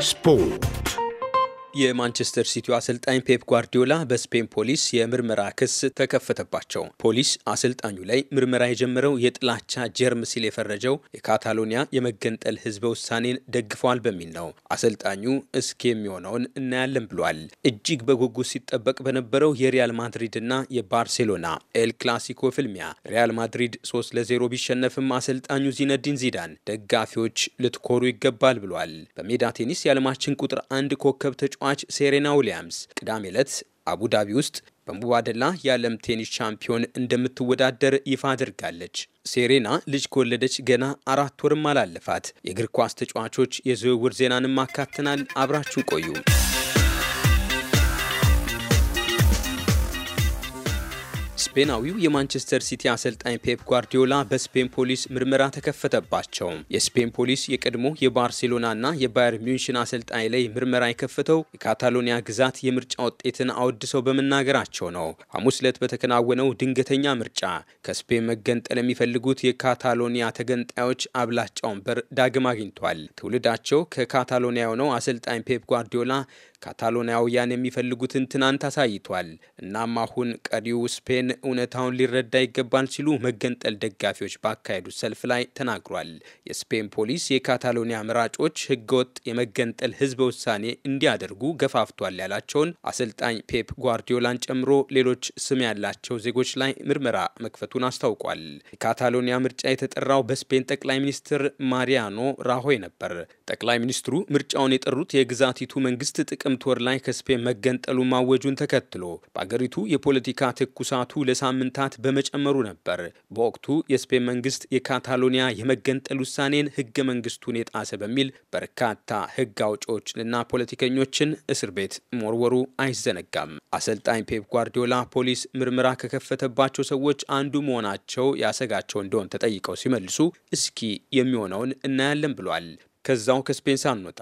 Sport. የማንቸስተር ሲቲው አሰልጣኝ ፔፕ ጓርዲዮላ በስፔን ፖሊስ የምርመራ ክስ ተከፈተባቸው። ፖሊስ አሰልጣኙ ላይ ምርመራ የጀመረው የጥላቻ ጀርም ሲል የፈረጀው የካታሎኒያ የመገንጠል ህዝበ ውሳኔን ደግፈዋል በሚል ነው። አሰልጣኙ እስኪ የሚሆነውን እናያለን ብሏል። እጅግ በጉጉት ሲጠበቅ በነበረው የሪያል ማድሪድ እና የባርሴሎና ኤል ክላሲኮ ፍልሚያ ሪያል ማድሪድ 3 ለ0 ቢሸነፍም አሰልጣኙ ዚነዲን ዚዳን ደጋፊዎች ልትኮሩ ይገባል ብሏል። በሜዳ ቴኒስ የዓለማችን ቁጥር አንድ ኮከብ ተጫዋ ተጫዋች ሴሬና ዊሊያምስ ቅዳሜ ዕለት አቡዳቢ ውስጥ በሙባደላ የዓለም ቴኒስ ሻምፒዮን እንደምትወዳደር ይፋ አድርጋለች። ሴሬና ልጅ ከወለደች ገና አራት ወርም አላለፋት። የእግር ኳስ ተጫዋቾች የዝውውር ዜናንም አካተናል። አብራችሁ ቆዩ። ስፔናዊው የማንቸስተር ሲቲ አሰልጣኝ ፔፕ ጓርዲዮላ በስፔን ፖሊስ ምርመራ ተከፈተባቸው። የስፔን ፖሊስ የቀድሞ የባርሴሎናና የባየር ሚንሽን አሰልጣኝ ላይ ምርመራ የከፈተው የካታሎኒያ ግዛት የምርጫ ውጤትን አወድሰው በመናገራቸው ነው። ሐሙስ ዕለት በተከናወነው ድንገተኛ ምርጫ ከስፔን መገንጠል የሚፈልጉት የካታሎኒያ ተገንጣዮች አብላጫ ወንበር ዳግም አግኝቷል። ትውልዳቸው ከካታሎኒያ የሆነው አሰልጣኝ ፔፕ ጓርዲዮላ ካታሎናውያን የሚፈልጉትን ትናንት አሳይቷል። እናም አሁን ቀሪው ስፔን እውነታውን ሊረዳ ይገባል ሲሉ መገንጠል ደጋፊዎች ባካሄዱት ሰልፍ ላይ ተናግሯል። የስፔን ፖሊስ የካታሎኒያ መራጮች ህገወጥ የመገንጠል ህዝበ ውሳኔ እንዲያደርጉ ገፋፍቷል ያላቸውን አሰልጣኝ ፔፕ ጓርዲዮላን ጨምሮ ሌሎች ስም ያላቸው ዜጎች ላይ ምርመራ መክፈቱን አስታውቋል። የካታሎኒያ ምርጫ የተጠራው በስፔን ጠቅላይ ሚኒስትር ማሪያኖ ራሆይ ነበር። ጠቅላይ ሚኒስትሩ ምርጫውን የጠሩት የግዛቲቱ መንግስት ጥቅም ጥቅምት ወር ላይ ከስፔን መገንጠሉ ማወጁን ተከትሎ በአገሪቱ የፖለቲካ ትኩሳቱ ለሳምንታት በመጨመሩ ነበር በወቅቱ የስፔን መንግስት የካታሎኒያ የመገንጠል ውሳኔን ህገ መንግስቱን የጣሰ በሚል በርካታ ህግ አውጪዎችንና ፖለቲከኞችን እስር ቤት መወርወሩ አይዘነጋም። አሰልጣኝ ፔፕ ጓርዲዮላ ፖሊስ ምርመራ ከከፈተባቸው ሰዎች አንዱ መሆናቸው ያሰጋቸው እንደሆን ተጠይቀው ሲመልሱ እስኪ የሚሆነውን እናያለን ብሏል። ከዛው ከስፔን ሳንወጣ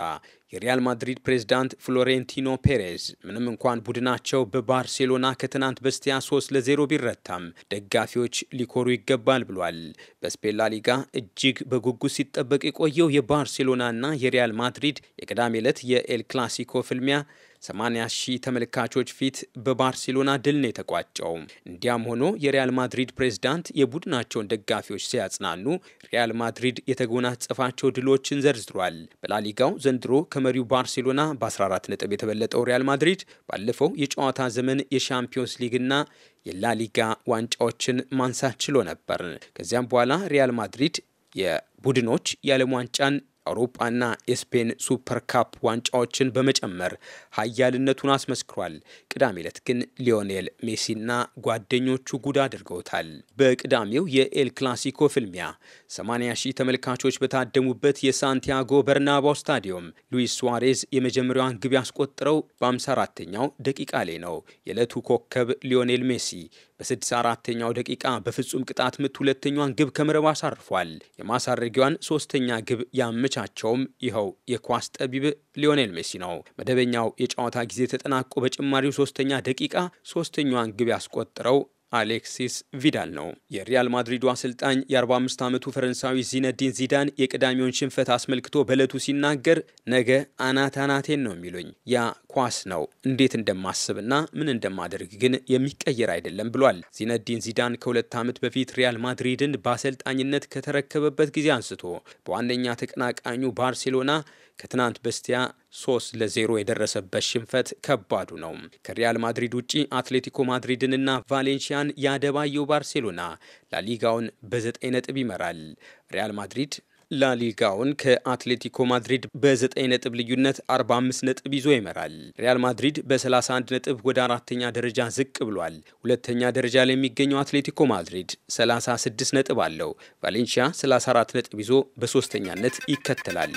የሪያል ማድሪድ ፕሬዝዳንት ፍሎሬንቲኖ ፔሬዝ ምንም እንኳን ቡድናቸው በባርሴሎና ከትናንት በስቲያ 3 ለ0 ቢረታም ደጋፊዎች ሊኮሩ ይገባል ብሏል። በስፔን ላሊጋ እጅግ በጉጉት ሲጠበቅ የቆየው የባርሴሎናና የሪያል ማድሪድ የቅዳሜ ዕለት የኤል ክላሲኮ ፍልሚያ 80 ሺህ ተመልካቾች ፊት በባርሴሎና ድል ነው የተቋጨው። እንዲያም ሆኖ የሪያል ማድሪድ ፕሬዝዳንት የቡድናቸውን ደጋፊዎች ሲያጽናኑ ሪያል ማድሪድ የተጎናጸፋቸው ድሎችን ዘርዝሯል። በላሊጋው ዘንድሮ ከመሪው ባርሴሎና በ14 ነጥብ የተበለጠው ሪያል ማድሪድ ባለፈው የጨዋታ ዘመን የሻምፒዮንስ ሊግና የላሊጋ ዋንጫዎችን ማንሳት ችሎ ነበር። ከዚያም በኋላ ሪያል ማድሪድ የቡድኖች የዓለም ዋንጫን አውሮፓና የስፔን ሱፐር ካፕ ዋንጫዎችን በመጨመር ሀያልነቱን አስመስክሯል። ቅዳሜ ዕለት ግን ሊዮኔል ሜሲና ጓደኞቹ ጉድ አድርገውታል። በቅዳሜው የኤል ክላሲኮ ፍልሚያ 80 ሺህ ተመልካቾች በታደሙበት የሳንቲያጎ በርናባው ስታዲየም ሉዊስ ሱዋሬዝ የመጀመሪያዋን ግብ ያስቆጥረው በ54ኛው ደቂቃ ላይ ነው። የዕለቱ ኮከብ ሊዮኔል ሜሲ በስድሳ አራተኛው ደቂቃ በፍጹም ቅጣት ምት ሁለተኛዋን ግብ ከመረብ አሳርፏል። የማሳረጊዋን ሶስተኛ ግብ ያመቻቸውም ይኸው የኳስ ጠቢብ ሊዮኔል ሜሲ ነው። መደበኛው የጨዋታ ጊዜ ተጠናቆ በጭማሪው ሶስተኛ ደቂቃ ሶስተኛዋን ግብ ያስቆጠረው አሌክሲስ ቪዳል ነው። የሪያል ማድሪዱ አሰልጣኝ የ45 ዓመቱ ፈረንሳዊ ዚነዲን ዚዳን የቅዳሜውን ሽንፈት አስመልክቶ በዕለቱ ሲናገር ነገ አናት አናቴን ነው የሚሉኝ፣ ያ ኳስ ነው። እንዴት እንደማስብና ምን እንደማደርግ ግን የሚቀየር አይደለም ብሏል። ዚነዲን ዚዳን ከሁለት ዓመት በፊት ሪያል ማድሪድን በአሰልጣኝነት ከተረከበበት ጊዜ አንስቶ በዋነኛ ተቀናቃኙ ባርሴሎና ከትናንት በስቲያ ለ ለዜሮ የደረሰበት ሽንፈት ከባዱ ነው። ከሪያል ማድሪድ ውጪ አትሌቲኮ ማድሪድንና ቫሌንሺያን ያደባየው ባርሴሎና ላሊጋውን በዘጠኝ ነጥብ ይመራል። ሪያል ማድሪድ ላሊጋውን ከአትሌቲኮ ማድሪድ በ9 ነጥብ ልዩነት 45 ነጥብ ይዞ ይመራል። ሪያል ማድሪድ በ31 ነጥብ ወደ አራተኛ ደረጃ ዝቅ ብሏል። ሁለተኛ ደረጃ ላይ የሚገኘው አትሌቲኮ ማድሪድ 36 ነጥብ አለው። ቫሌንሺያ 34 ነጥብ ይዞ በሶስተኛነት ይከተላል።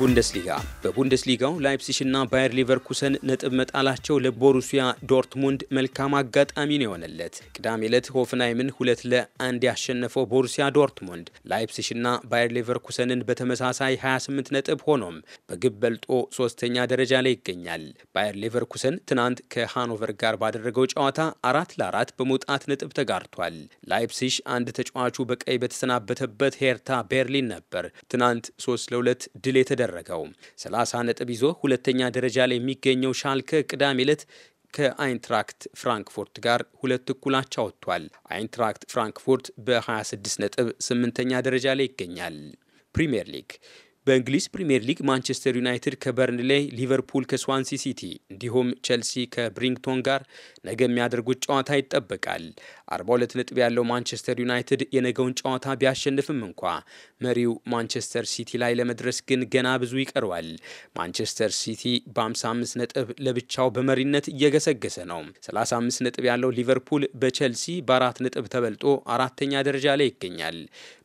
ቡንደስሊጋ በቡንደስሊጋው ላይፕሲሽና ባየር ሊቨርኩሰን ነጥብ መጣላቸው ለቦሩሲያ ዶርትሙንድ መልካም አጋጣሚ ነው የሆነለት። ቅዳሜ ዕለት ሆፍናይምን ሁለት ለአንድ ያሸነፈው ቦሩሲያ ዶርትሙንድ ላይፕሲሽና ባየር ሊቨርኩሰንን በተመሳሳይ 28 ነጥብ ሆኖም በግብ በልጦ ሶስተኛ ደረጃ ላይ ይገኛል። ባየር ሊቨርኩሰን ትናንት ከሃኖቨር ጋር ባደረገው ጨዋታ አራት ለአራት በመውጣት ነጥብ ተጋርቷል። ላይፕሲሽ አንድ ተጫዋቹ በቀይ በተሰናበተበት ሄርታ ቤርሊን ነበር ትናንት ሶስት ለሁለት ድል የተደረ ያደረገው። 30 ነጥብ ይዞ ሁለተኛ ደረጃ ላይ የሚገኘው ሻልከ ቅዳሜ ዕለት ከአይንትራክት ፍራንክፎርት ጋር ሁለት እኩላቻ ወጥቷል። አይንትራክት ፍራንክፎርት በ26 ነጥብ ስምንተኛ ደረጃ ላይ ይገኛል። ፕሪምየር ሊግ በእንግሊዝ ፕሪምየር ሊግ ማንቸስተር ዩናይትድ ከበርንሌ፣ ሊቨርፑል ከስዋንሲ ሲቲ እንዲሁም ቸልሲ ከብሪንግቶን ጋር ነገ የሚያደርጉት ጨዋታ ይጠበቃል። 42 ነጥብ ያለው ማንቸስተር ዩናይትድ የነገውን ጨዋታ ቢያሸንፍም እንኳ መሪው ማንቸስተር ሲቲ ላይ ለመድረስ ግን ገና ብዙ ይቀረዋል። ማንቸስተር ሲቲ በ55 ነጥብ ለብቻው በመሪነት እየገሰገሰ ነው። 35 ነጥብ ያለው ሊቨርፑል በቸልሲ በአራት ነጥብ ተበልጦ አራተኛ ደረጃ ላይ ይገኛል።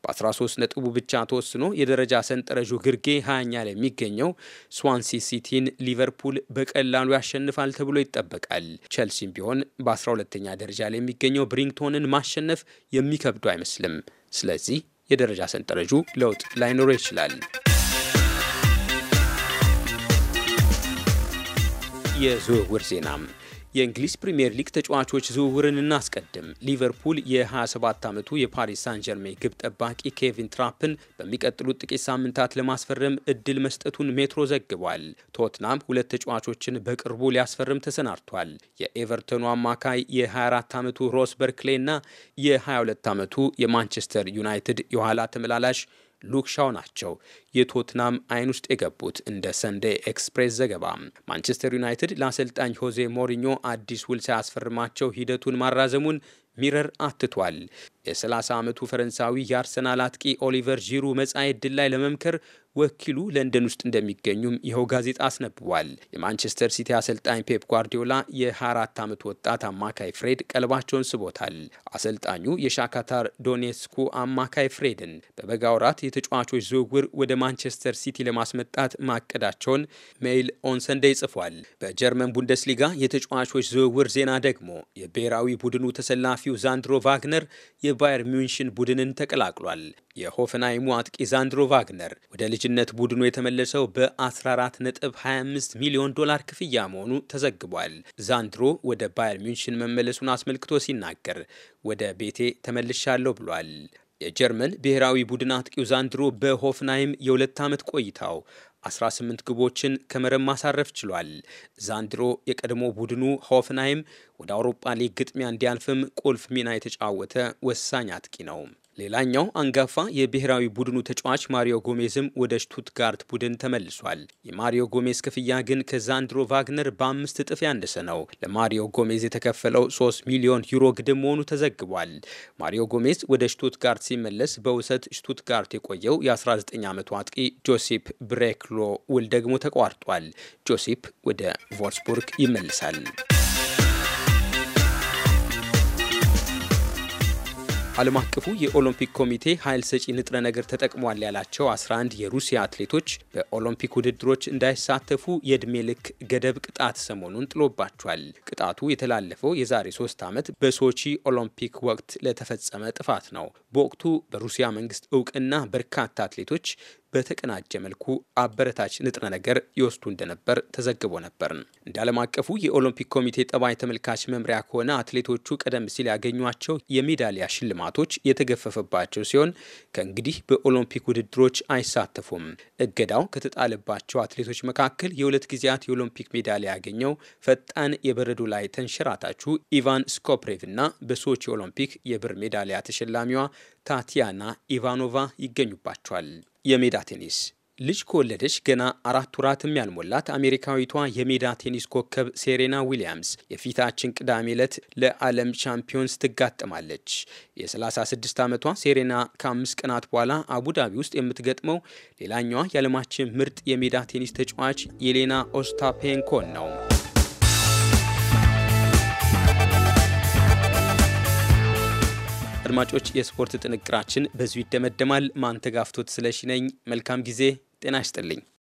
በ13 ነጥቡ ብቻ ተወስኖ የደረጃ ሰንጠረዡ ግርጌ ሀያኛ ላይ የሚገኘው ስዋንሲ ሲቲን ሊቨርፑል በቀላሉ ያሸንፋል ተብሎ ይጠበቃል። ቸልሲም ቢሆን በ12ተኛ ደረጃ ላይ የሚገኘው ብሪንግቶንን ማሸነፍ የሚከብዱ አይመስልም። ስለዚህ የደረጃ ሰንጠረዡ ለውጥ ላይኖረው ይችላል። የዝውውር ዜናም የእንግሊዝ ፕሪምየር ሊግ ተጫዋቾች ዝውውርን እናስቀድም። ሊቨርፑል የ27 ዓመቱ የፓሪስ ሳን ጀርሜን ግብ ጠባቂ ኬቪን ትራፕን በሚቀጥሉት ጥቂት ሳምንታት ለማስፈረም እድል መስጠቱን ሜትሮ ዘግቧል። ቶትናም ሁለት ተጫዋቾችን በቅርቡ ሊያስፈርም ተሰናድቷል። የኤቨርተኑ አማካይ የ24 ዓመቱ ሮስ በርክሌ እና የ22 ዓመቱ የማንቸስተር ዩናይትድ የኋላ ተመላላሽ ሉክሻው ናቸው የቶትናም አይን ውስጥ የገቡት። እንደ ሰንዴ ኤክስፕሬስ ዘገባ ማንቸስተር ዩናይትድ ለአሰልጣኝ ሆዜ ሞሪኞ አዲስ ውል ሳያስፈርማቸው ሂደቱን ማራዘሙን ሚረር አትቷል። የ30 ዓመቱ ፈረንሳዊ የአርሰናል አጥቂ ኦሊቨር ዢሩ መጻኢ ዕድል ላይ ለመምከር ወኪሉ ለንደን ውስጥ እንደሚገኙም ይኸው ጋዜጣ አስነብቧል። የማንቸስተር ሲቲ አሰልጣኝ ፔፕ ጓርዲዮላ የ24 ዓመት ወጣት አማካይ ፍሬድ ቀልባቸውን ስቦታል። አሰልጣኙ የሻካታር ዶኔስኩ አማካይ ፍሬድን በበጋ ወራት የተጫዋቾች ዝውውር ወደ ማንቸስተር ሲቲ ለማስመጣት ማቀዳቸውን ሜይል ኦን ሰንደይ ጽፏል። በጀርመን ቡንደስሊጋ የተጫዋቾች ዝውውር ዜና ደግሞ የብሔራዊ ቡድኑ ተሰላፊው ዛንድሮ ቫግነር የባየር ሚንሽን ቡድንን ተቀላቅሏል። የሆፈንሃይሙ አጥቂ ዛንድሮ ቫግነር ወደ ልጅነት ቡድኑ የተመለሰው በ14.25 ሚሊዮን ዶላር ክፍያ መሆኑ ተዘግቧል። ዛንድሮ ወደ ባየር ሚንሽን መመለሱን አስመልክቶ ሲናገር ወደ ቤቴ ተመልሻለሁ ብሏል። የጀርመን ብሔራዊ ቡድን አጥቂው ዛንድሮ በሆፍናይም የሁለት ዓመት ቆይታው 18 ግቦችን ከመረብ ማሳረፍ ችሏል። ዛንድሮ የቀድሞ ቡድኑ ሆፍናይም ወደ አውሮፓ ሊግ ግጥሚያ እንዲያልፍም ቁልፍ ሚና የተጫወተ ወሳኝ አጥቂ ነው። ሌላኛው አንጋፋ የብሔራዊ ቡድኑ ተጫዋች ማሪዮ ጎሜዝም ወደ ሽቱትጋርት ቡድን ተመልሷል። የማሪዮ ጎሜዝ ክፍያ ግን ከዛንድሮ ቫግነር በአምስት እጥፍ ያነሰ ነው። ለማሪዮ ጎሜዝ የተከፈለው 3 ሚሊዮን ዩሮ ግድም መሆኑ ተዘግቧል። ማሪዮ ጎሜዝ ወደ ሽቱትጋርት ሲመለስ በውሰት ሽቱትጋርት የቆየው የ19 ዓመቱ አጥቂ ጆሴፕ ብሬክሎ ውል ደግሞ ተቋርጧል። ጆሴፕ ወደ ቮልስቡርግ ይመልሳል። ዓለም አቀፉ የኦሎምፒክ ኮሚቴ ኃይል ሰጪ ንጥረ ነገር ተጠቅሟል ያላቸው 11 የሩሲያ አትሌቶች በኦሎምፒክ ውድድሮች እንዳይሳተፉ የዕድሜ ልክ ገደብ ቅጣት ሰሞኑን ጥሎባቸዋል። ቅጣቱ የተላለፈው የዛሬ ሶስት ዓመት በሶቺ ኦሎምፒክ ወቅት ለተፈጸመ ጥፋት ነው። በወቅቱ በሩሲያ መንግስት እውቅና በርካታ አትሌቶች በተቀናጀ መልኩ አበረታች ንጥረ ነገር ይወስዱ እንደነበር ተዘግቦ ነበር። እንደ ዓለም አቀፉ የኦሎምፒክ ኮሚቴ ጠባይ ተመልካች መምሪያ ከሆነ አትሌቶቹ ቀደም ሲል ያገኟቸው የሜዳሊያ ሽልማቶች የተገፈፈባቸው ሲሆን ከእንግዲህ በኦሎምፒክ ውድድሮች አይሳተፉም። እገዳው ከተጣለባቸው አትሌቶች መካከል የሁለት ጊዜያት የኦሎምፒክ ሜዳሊያ ያገኘው ፈጣን የበረዶ ላይ ተንሸራታቹ ኢቫን ስኮፕሬቭ እና በሶቺ ኦሎምፒክ የብር ሜዳሊያ ተሸላሚዋ ታቲያና ኢቫኖቫ ይገኙባቸዋል። የሜዳ ቴኒስ ልጅ ከወለደች ገና አራት ወራትም ያልሞላት አሜሪካዊቷ የሜዳ ቴኒስ ኮከብ ሴሬና ዊሊያምስ የፊታችን ቅዳሜ ዕለት ለዓለም ቻምፒዮንስ ትጋጠማለች። የ36 ዓመቷ ሴሬና ከአምስት ቀናት በኋላ አቡዳቢ ውስጥ የምትገጥመው ሌላኛዋ የዓለማችን ምርጥ የሜዳ ቴኒስ ተጫዋች የሌና ኦስታፔንኮን ነው። አድማጮች፣ የስፖርት ጥንቅራችን በዙ ይደመደማል። ማንተጋፍቶት ስለሺ ነኝ። መልካም ጊዜ። ጤና ይስጥልኝ።